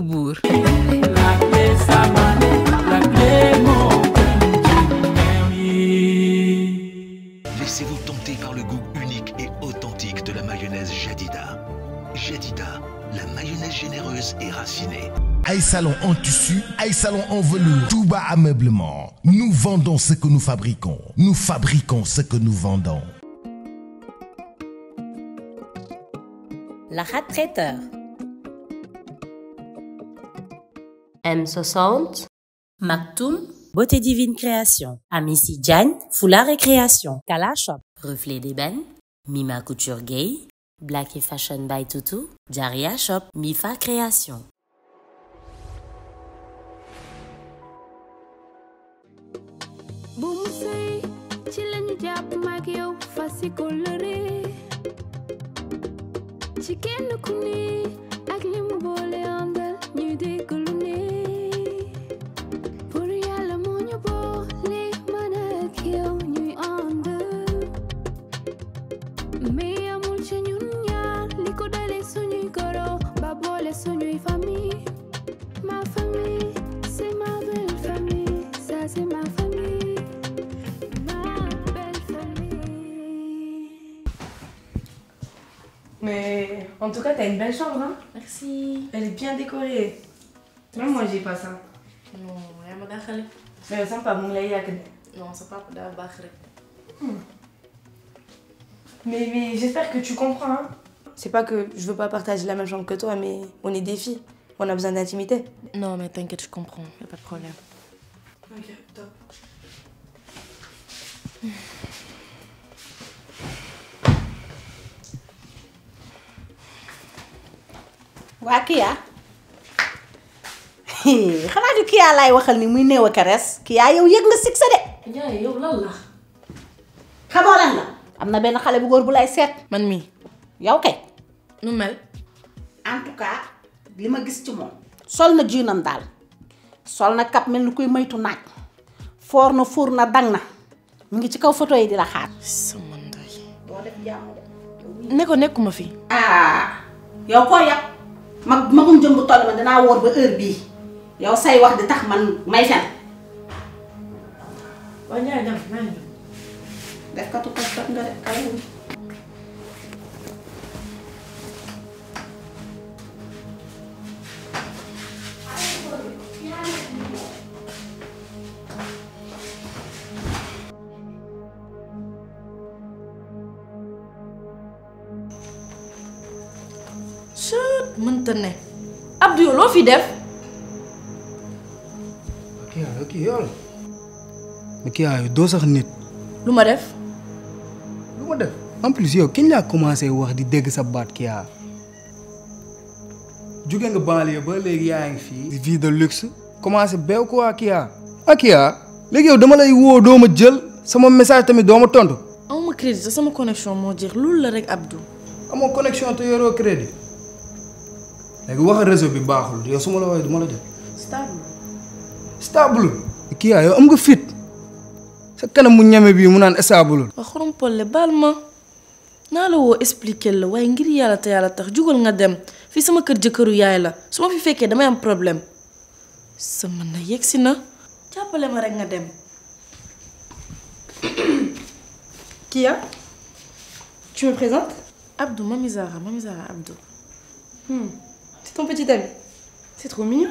Bourg. Laissez-vous tenter par le goût unique et authentique de la mayonnaise Jadida. Jadida, la mayonnaise généreuse et racinée. Aïe Salon en tissu, Aïe Salon en velours, tout bas ameublement. Nous vendons ce que nous fabriquons. Nous fabriquons ce que nous vendons. La Traiteur. M60, Maktoum, Beauté Divine Création, Amici Jan Foulard et Création, Kala Shop, Reflet d'Ébène, Mima Couture Gay, Black et Fashion by Tutu, Jaria Shop, Mifa Création. ci kenn ku fasi ak li kuni, boole c'est ma famille, ma belle famille. Mais en tout cas, t'as une belle chambre, hein Merci. Elle est bien décorée. Même moi, j'ai pas ça. Non, rien me gâcher. Mais ça pas mon laïak. Non, c'est pas de la hmm. Mais, mais j'espère que tu comprends. Hein. C'est pas que je veux pas partager la même chambre que toi, mais on est des filles. On a besoin d'intimité. Non, mais t'inquiète, je comprends. Y a pas de problème. Ok, top. وهكيا خلاص كيا لا يوخلني مين هو كرس كيا يو يجلس سكسة ده يا يو لالا خبرنا أمنا بين خالي بقول بلا يسات من مي يا أوكي نمل أنتو كا لما جستمو صلنا جينا ندال sol na kap mel ni koy maytu naaj foor na fuur na dang na mu ngi ci kaw photo yi di la xaar. sama ko nekkuma fii ah yow koo yàq mag magum jëm bu ma dinaa wóor ba heure bii yow say wax di tax man may fen. mënta ne Abdou yow loo fi def. kii yow doo sax nit. lu ma def. lu ma def en plus yow kiñ laa commencé wax di dégg sa baat kia waaw. jóge nga banlieue ba léegi yaa ngi fii. vie de luxe. commencé beew ko waa kii waaw. ah léegi yow dama lay woo doo ma jël sama message tamit doo ma tontu. amu ma crédit te sama connexion moo jeex loolu la rek Abdou. amoo connexion te yoroo crédit. léegi wax réseau bi baaxul yow su ma la woowee du ma la jot. stable. stable. kii yow am nga fit sa kanam mu ñeme bii mu naan stable. waaw xorom baal ma naa la woo expliquer la waaye ngir yàlla te yàlla tax jugal nga dem fii sama kër jëkkëru yaay la su ma fi fekkee damay am problème sama na yegg si na. jàppale ma rek nga dem. Kia tu me présentes. Abdou Mami Zara C'est ton petit ami. C'est trop mignon.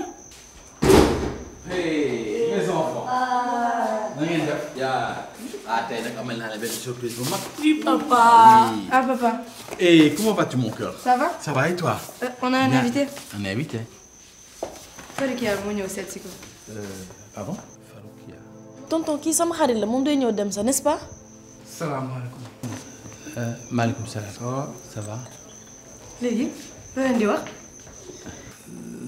hey mes enfants. Ah. ah t'es quand même la belle surprise pour moi. oui papa. ah papa. hey comment vas-tu mon cœur. ça va. ça va et toi. Euh, on a un invité. un invité. Fallou Kia moo ñëw seet Euh, ah bon. y a. tonton qui sama ce la monde day dem ça n'est-ce pas. Salam Euh, Malikum salam. ça va. Ça va. leen di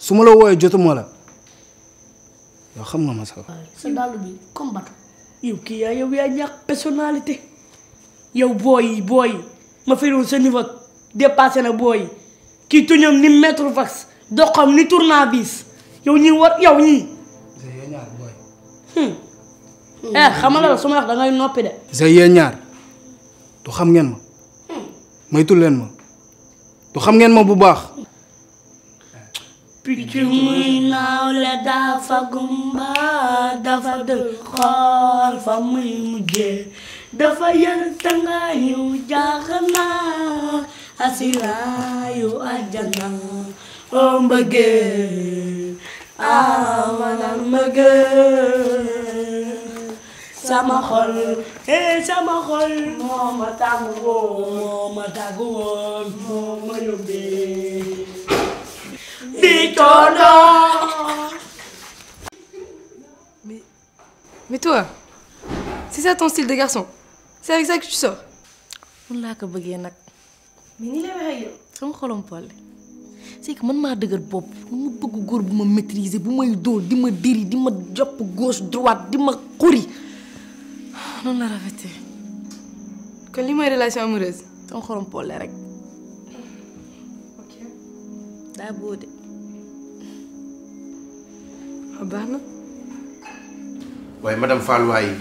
su ma la wooyee jotuma la yow xam nga ma sax. sa dàll bi comme bato. yow kii yaa yow yaa ñàkk personnalité yow booy yi booy yi ma firoon sa niveau dépassé na booy yi kii tuñam ni mètre vax doxam ni tournevis yow ñi war yow ñii. yéen ñaar booy. Hmm. eh xamal noppi de. sa yéen ñaar du xam ngeen ma. Hmm. maytul leen ma du xam ngeen ma bu baax. picc muy naaw le dafa gumba dafa dël xool fa muy mujjee dafa yar tangaayu jaaxana asilaayu ajana oo mbëggee aa wala mbëggee sama xol ee eh, sama xol moo ma tàggu woon moo ma tàggu woon moo ma yóbbee Mais. Mais toi C'est ça ton style de garçon C'est avec ça que tu sors Man laa je bëggee mais ni lay waxee yow sama xolom poil c'est que ne maa un bopp Tu es un bu ma maîtriser bu pas ma diri dima ma gauche droite dima ma Non noonu la rafetee Tu est une relation amoureuse ton un poil rek Ah, baax na. waaye madame Fall waaye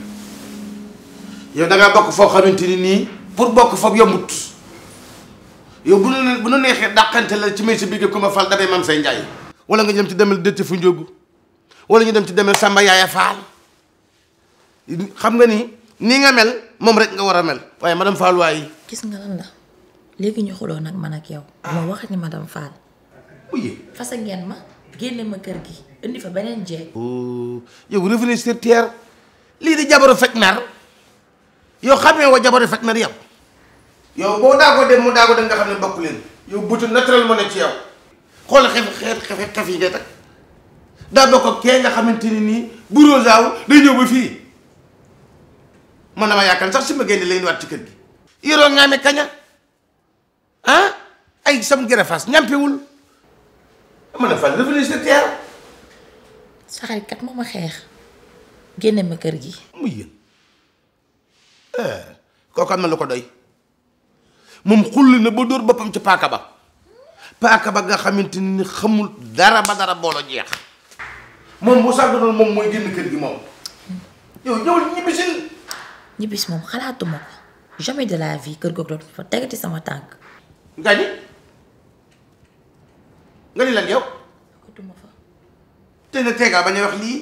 yow da ngaa bokk foo xamante ni nii pour bokk foofu yombut yow bu nu bu nu neexee dàqante la ci métier bi ko ma Fall dabee mam say njaay wala nga dem ci demel dëtt fu njóogu wala ñu dem ci demel Samba Yaaya Fall xam nga ni nii nga mel moom rek nga war a mel waaye madame Fall waaye. gis nga lan la ma wax ni madame Fall. ngeen ma génne ma kër gi. indi fa benen beneen jeeg oh, yow revenu sur terre li di jabaru fek nar yow xamé wa jabaru fek nar yow yow bo da ko dem mu da ko dem nga xamné bokku len yow butu naturel mo ne ci yow xol xef xef xef xef yi ngay teg daa bokk ak ke nga xamanteni ni bu rosaw day ñew ba fi man dama yaakaar sax sima ma kan, leen wat ci kër kan? gi iya, yoroo ngaame kaña ya? ah ay sam fas ñampewul mën fa revenu sur terre sa xarit kat moma xex xeex génne ma kër gi. muy yéen eh, kooku am na lu ko doy mom xulli na ba door bopam ci paka ba paka ba nga xamante ni xamul dara ba dara bolo jeex mom bu sàgganul mom moy génn kër gi mom yow ñëwal ñibbisil. ñibbis moom xalaatuma ko jamais de la vie kër gog dootu fa tegati sama tank ngani ngani lan yow. te na teegaa ba a wax lii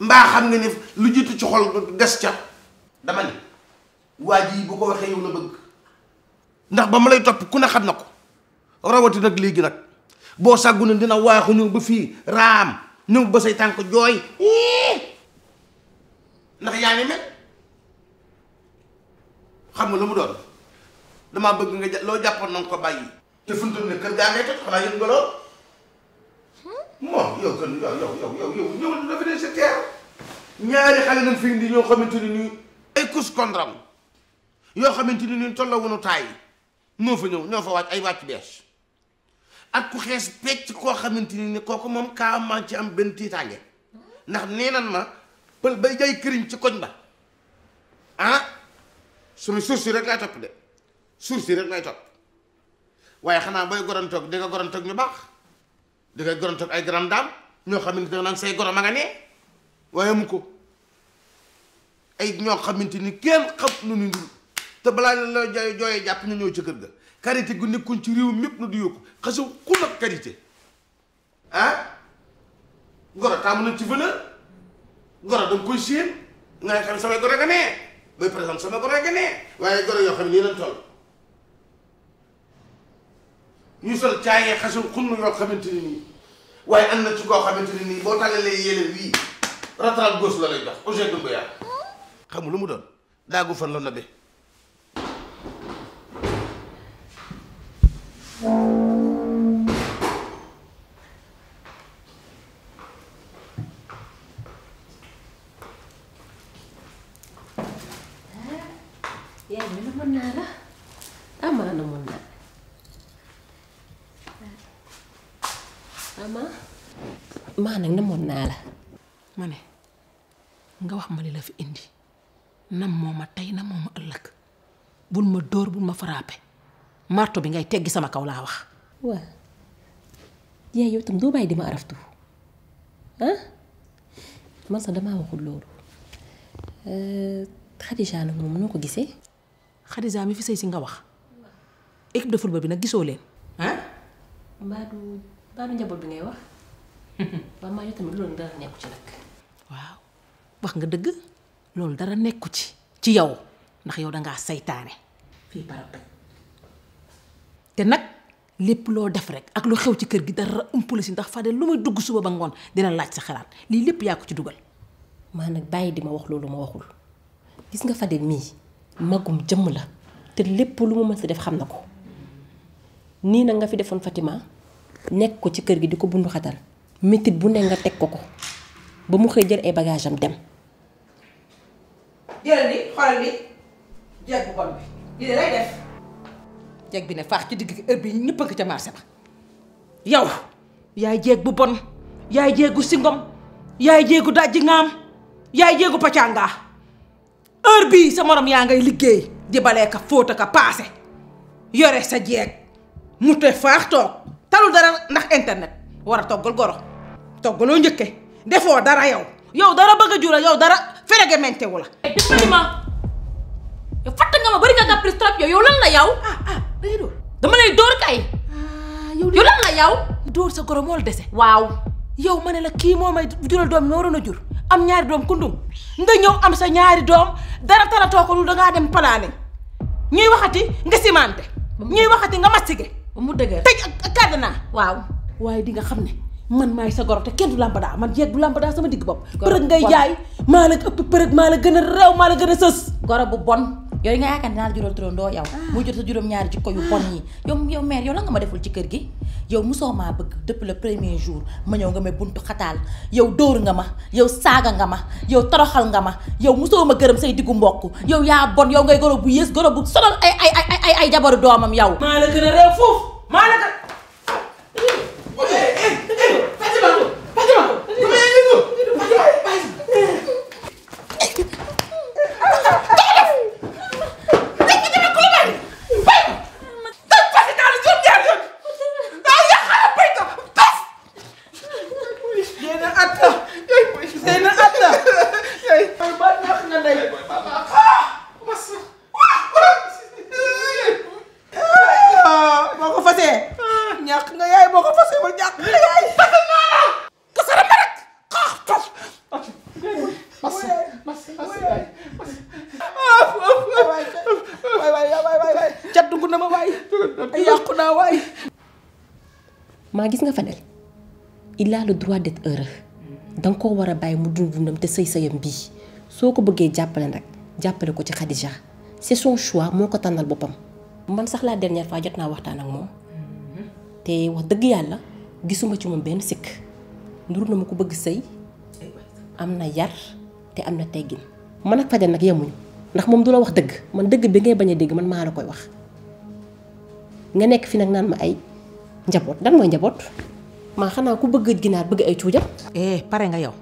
mbaa xam nga ne lu jiitu ci xol des ca dama ne waa ji bu ko waxee yow la bëgg ndax ba ma lay topp ku ne xam na ko rawati nag léegi nag boo sàggu ne dina waaxu ñëw ba fii raam ñëw ba say tànk jooy ndax yaa ngi mel xam nga lu mu doon damaa bëgg nga loo jàppoon na nga ko bàyyi te fu mu kër gaa ngay toj xanaa yëngu nga lool moom yow gën yow yow yow yow yow ñëwal dafa dee sa teer ñaari xale lañ fi indi ñoo xamante ni nii ay kus yoo xamante ni nii tolla taay ñoo fa ñëw ñoo fa wàcc ay wàcc bees ak ku xees pecc koo xamante ni kooku moom kaa man ci am benn tiitaange ndax nee nan ma pël ba jay këriñ ci koñ ba ah suñu suuf si rek lay topp de suuf si rek lay topp waaye xanaa booy gorontoog di nga gorontoog ñu baax da ngay gorontoog ay garam daam ñoo xamante ne naan say gorom a nga nee waaye mu ko ay ñoo xamante ni kenn xam nu ñu dul te balaa la jooy jooyee jàpp ñu ñëw ca kër ga karité gu nekkuñ ci réew mépp nu di yokku xase ku nag karité ah goro taamu nañ ci veneur goro da koy séen nga xam samay goro nga ne bay par xam samay goro nga nee waaye goro yoo xam ne nii lañ toll يوصل تاعي خشم كل يوم خمنتني واي أنا تقع خمنتني بوت على اللي يلي وي رتر الجوس لا يبقى وش يدوم بيا خم لو مدن لا غفر لنا به يا من منا لا أما أنا منا ama maa nag namoon naa la ma ne nga wax ma li la fi indi nam moo ma tey nam moo ma ëllëg bul ma dóor bul ma frappé marto bi ngay teggi sama kaw laa wax waaw yaay yow tam doo bàyyi di ma araftu ah man sax damaa waxul loolu Xadija eh, nag moom noo ko gisee Xadija mi fi sëy si nga wax équipe de football bi nag gisoo leen ah mbaadu Tano njaboot bi ngay wax ba ma yow tamit loolu dara nekku ci nag waaw wax nga dëgg loolu dara nekku ci ci yow ndax yow dangaa saytaane fii barab te nag lépp loo def rek ak lu xew ci kër gi dara umpula si ndax Fadel lu muy dugg suba ba ngoon dina laaj sa xalaat lii lépp yaa ko ci dugal maa di ma wax loolu ma waxul gis nga magum jëmm la te lépp lu mu mën si def xam na ko nga fi Fatima nek ko ci kër gi diko bundu xatal metit bu ne nga tek ko ko ba mu xey jël ay bagage am dem jël ni xol li jeeg bon bi li lay def jeeg bi ne fax ci digg heure bi ñepp a ci marché ba yow yaay jeeg bu bon yaay jeegu singom yaay jeegu dajji ngam yaay jeegu pacangaa heure bi sa morom ya ngay liggéey di balé ka fóota ka passé yoré sa jeeg mu te faax tok talul dara ndax internet war a toggal goro toggaloo njëkke defoo dara yow yow dara bëgg a jura yow dara ferege mente wu la. Eh, dimbali ma yow fàtt yow yow lan ah, ah, dama lay dóor kay. Ah, yow lan yow. dóor sa goro moo la dese. waaw yow ma ne la kii moo may jural doom ñoo waroon a jur am ñaari doom kundum nga ñëw am sa ñaari doom dara talatoo ko lu dangaa dem palaane ñuy waxati nga simante ñuy waxati nga mastige. ba mu dëgër tëj ak cadenas waaw waaye di nga xam ni man maay sa goro te kenn du lambada man jeeg du lambada sama digg bopp përëg ngay jaay maa la ëpp përëg maa la gën a réew maa la gën a sës goro bu bon yooyu nga yaakaar dinaa la jural turandoo yow ah. mu jur sa juróom-ñaari jikko yu bon yi yow yow mère yow la nga ma deful ci kër gi yow musoo maa bëgg dëpp la premier jour ma ñëw nga may buntu xataal yow dóor nga ma yow saaga nga ma yow toroxal nga ma yow musoo ma gërëm say diggu mbokk yow yaa bon yow ngay goro bu yées goro bu sonal ay ay ay ay ay jabaru doomam yow maa la gën a réew foofu maa la nee na atta le droit d'être heureux Donc, nga koo war a bàyyi mu dund dundam te sëy sëyam bii soo ko bëggee jàppale nag ko ci Khadija c'est son choix moo ko tànnal boppam. man sax la dernière fois jot naa waxtaan ak moom te wax dëgg yàlla gisuma ci mom ben sik ndur na ma ko bëgg sëy am yar te amna na man ak Fadel nak yemuñu ndax mom dula wax deug man deug bi ngay baña deug man maa la koy wax nga nek fi nak nan ma ay njaboot dan moy njaboot. Makan xana ku bëgg ginaar bëgg ay eh paré nga yow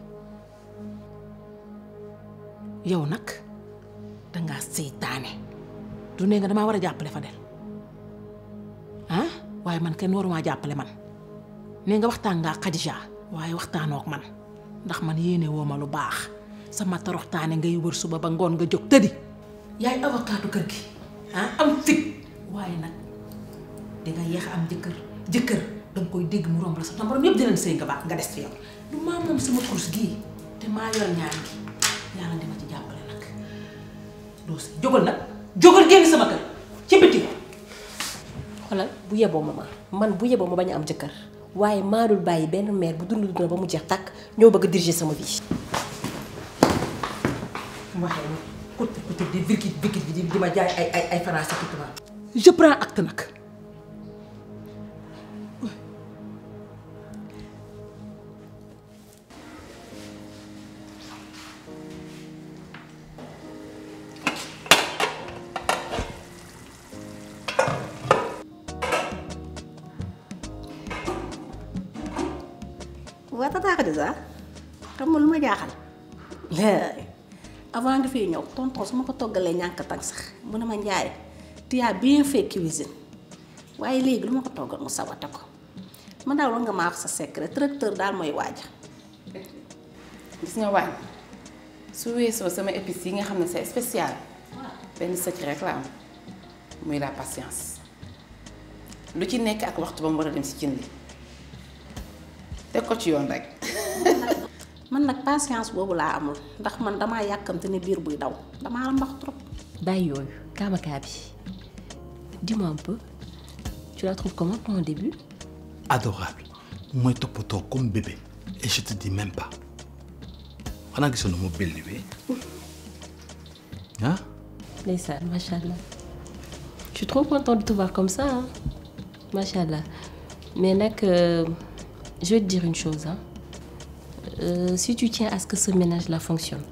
yow da nga seytane du ne nga dama wara jappalé Fadel ah waye man kenn waruma jappalé man ne nga waxtaan nga Khadija waaye waxtaanook man ndax man yene woo ma lu bax sama toroxtaane ngay wër suba ba ngon nga jog awak yaay avocatu kër gi ah am fit nak? di nga yex am jëkër jëkër dang koy deg mu rombal sa tamboram yeb dinañ sey nga baax nga des ci yow du ma mom sama course gi te ma yor ñaan gi yàlla dima ci jappale nak do sëy jógal nak jógal génn sama kër ci biti xolal bu yebbo mama man bu yebbo mo baña am jëkkër waye ma dul bayyi ben mère bu dundul do ba mu jex tak ñoo bëgg diriger sama vie. ko virkit virkit bi di ma jaay ay ay ay je prends acte xaaxadi sa xam nga lu ma jaaxal avant nga fee ñëw tonton su ma ko toggalee ñànk tag sax mu ne ma njaay tu bien fait cuisine waaye léegi lu ma ko toggal mu sawate ko ma daal nga sa secret tracteur daal mooy waaja gis nga waañ su weesoo sama épices yi nga xam ne c'est spécial benn secret rek la am muy la patience lu ci ak waxtu ba mu dem cin li ko ci yoon rek man nag patience boobu laa amul ndax man damaa yàkkamte ne biir buy daw damaa la mbax trop. bàyyi yooyu Kamaka bi dis-moi un peu tu la trouves comment pour un début. adorable mooy toppatoo comme bébé et je te dis même pas xanaa gisoon na mu belli bi hein? ah. ndeysaan macha allah je suis trop contente de te voir comme ça ah hein. macha allah mais nag euh, je vais te dire une chose hein.. Euh, si tu tiens à ce que ce ménage-là fonctionne,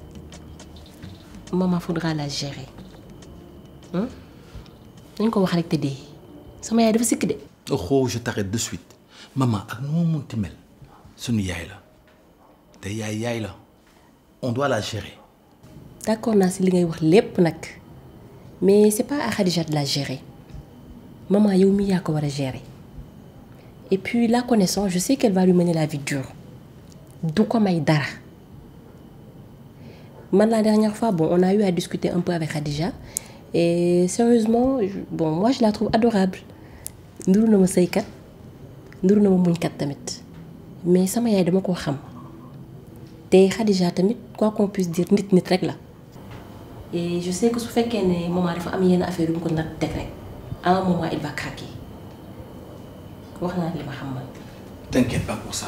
maman faudra la gérer. Hein? Oh, je t'arrête de suite. Maman, avec nous, mon timel, ce n'est là. T'es yaï là. On doit la gérer. D'accord, Nancy, les gars, mais c'est pas à Khadija de la gérer. Maman, Yomi, a quoi la gérer. Et puis, la connaissant, je sais qu'elle va lui mener la vie dure. Ce ko may dara man la dernière fois bon on a eu à discuter un peu avec Khadija et sérieusement bon moi je la trouve adorable nous na ma nous nous sommes ma muñkat tamit mais sama yaay dama koo xam Et Khadija tamit quoi qu'on puisse dire nit nit rek la et je sais que su fekkee que mon mari am yenn affaire yu mu ko nag à un moment il va craquer Je naa li ma t'inquiète pas pour ça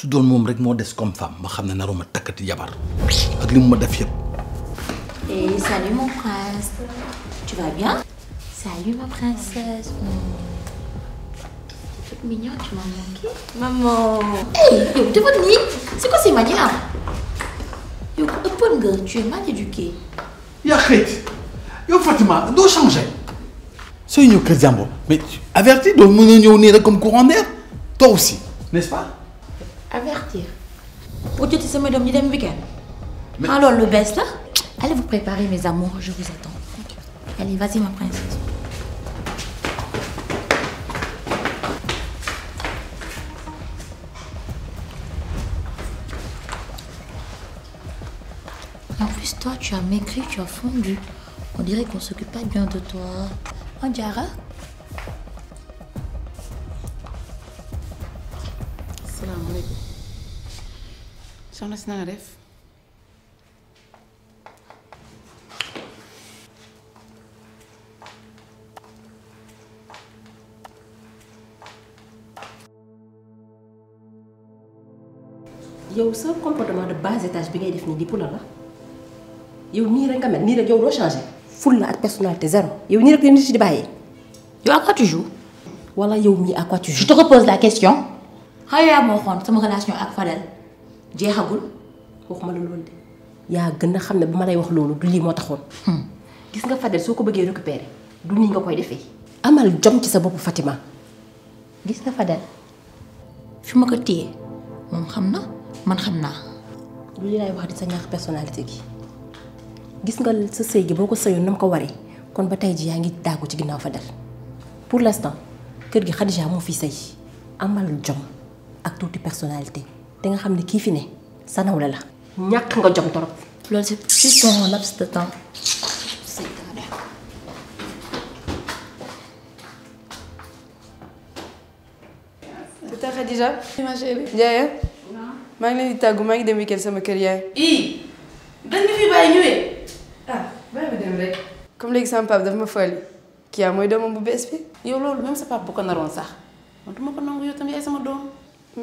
su une femme, rek comme femme ma salut mon prince tu vas bien. salut ma princesse. tu m'as manqué. maman. Tu tu bonne c'est quoi ces manières Tu es tu es mal es une Fatima es changer? C'est une tu mais tu tu comme courant d'air toi aussi n'est-ce pas avertir pour le best allez vous préparer mes amours je vous attends allez vas-y ma princesse en plus toi tu as maigri tu as fondu on dirait qu'on s'occupe pas bien de toi on la si yow sa comportement de bas étage bi ngay def ni di Tu la yow ni rek nga mel ni rek yow la ak personnalité zéro yow ni rek ni di yow à quoi tu joues wala yow à tu je te repose la question relation ak Fadel jeexagul waxuma lu loolu de yaa gën a xam ne ba ma lay wax loolu du lii moo taxoon. Hmm. gis nga Fadel soo ko bëggee récupérer du nii nga koy defee. amal jom ci sa bopp Fatima. gis nga Fadel fi ma ko téye xam na man xam naa. lu li wax di ñaax personnalité gi gis nga sa sëy boo ko sëyoon na ko waree kon ba tey ji yaa ngi daagu ci ginnaaw fa Fadel pour l'instant kër gi Khadija moo fi sëy amal jom ak tuuti personnalité. di nga xam ne kii fi ne sanaw nawle la ñàkk nga jom torop loolu c'est plus un laps de temps tey Khadija. ma chérie. Ndiaye. Hein? maa ngi leen di tàggu maa ngi dem weekend sama kër yaay. dañ dañu fi bàyyi ñëwee. ah bàyyi ma dem rek. comme léegi sama papa dafa ma fali kii yaa mooy doomam bu bees bi. yow loolu même sa papa bu ko naroon sax man du ma ko nangu yow tamit yaay sama doom. Mm.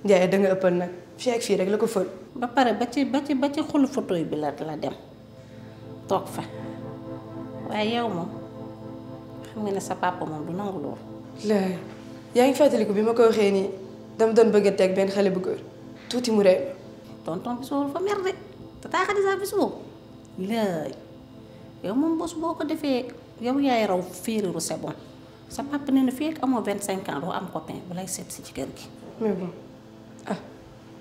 Ndiaye da nga ëppal nag fii ak fii rek la ko fël. ba pare ba ci ba ci ba ci xulu fauteuil bi la la dem toog fa waaye yow moom xam nga ne sa papa moom du nangu loolu. laay yaa ngi fàttaliku bi ma ko waxee nii dama doon bëgg a teg benn xale bu góor tuuti mu ree. tonton bi soo fa mer de te taa Xadija bi soo laay yow moom bos boo ko defee yow yaay raw féeriru c'est bon sa papa nee na fii ak amoo vingt cinq ans doo am copain bu lay seet si ci kër gi. mais bon. Ah,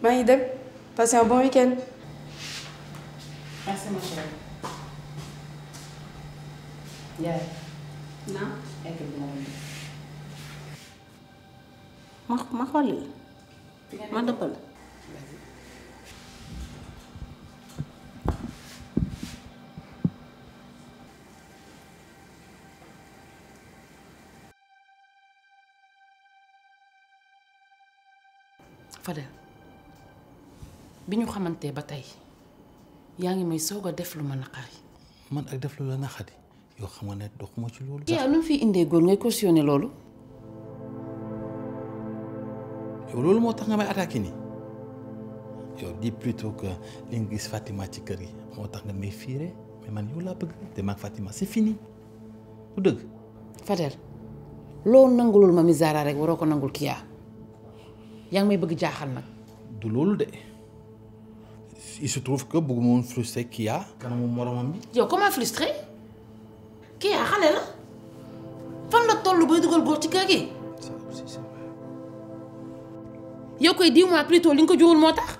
Maïdem, passez un bon week-end. Merci, mon chéri. Yeah. Non? ما ما خلي ما دبل Fadel bi ñu xamante ba tey yaa ngi may soog a def lu ma naqari. man ak def lu la naqari yoo xam nga ne doxuma ci loolu. yaa lu mu fi indee góor ngay cautionné loolu. yow loolu moo tax nga may attaqué nii yow di plutôt que li nga gis Fatima ci kër yi moo tax nga may fiire mais man yow laa bëgg te maag Fatima c'est fini bu dëgg. Fadel loo nangulul ma mi Zara rek waroo ko nangul Kia. yang may bëgg jaaxal nag. du loolu de il se trouve que bëgguma woon frustré Kia. kanamu moromam bi. yow comment frustré Kia xale la fan la toll bay dugal góor ci kër gi. yow koy dis-moi plutôt li nga ko jurul moo tax.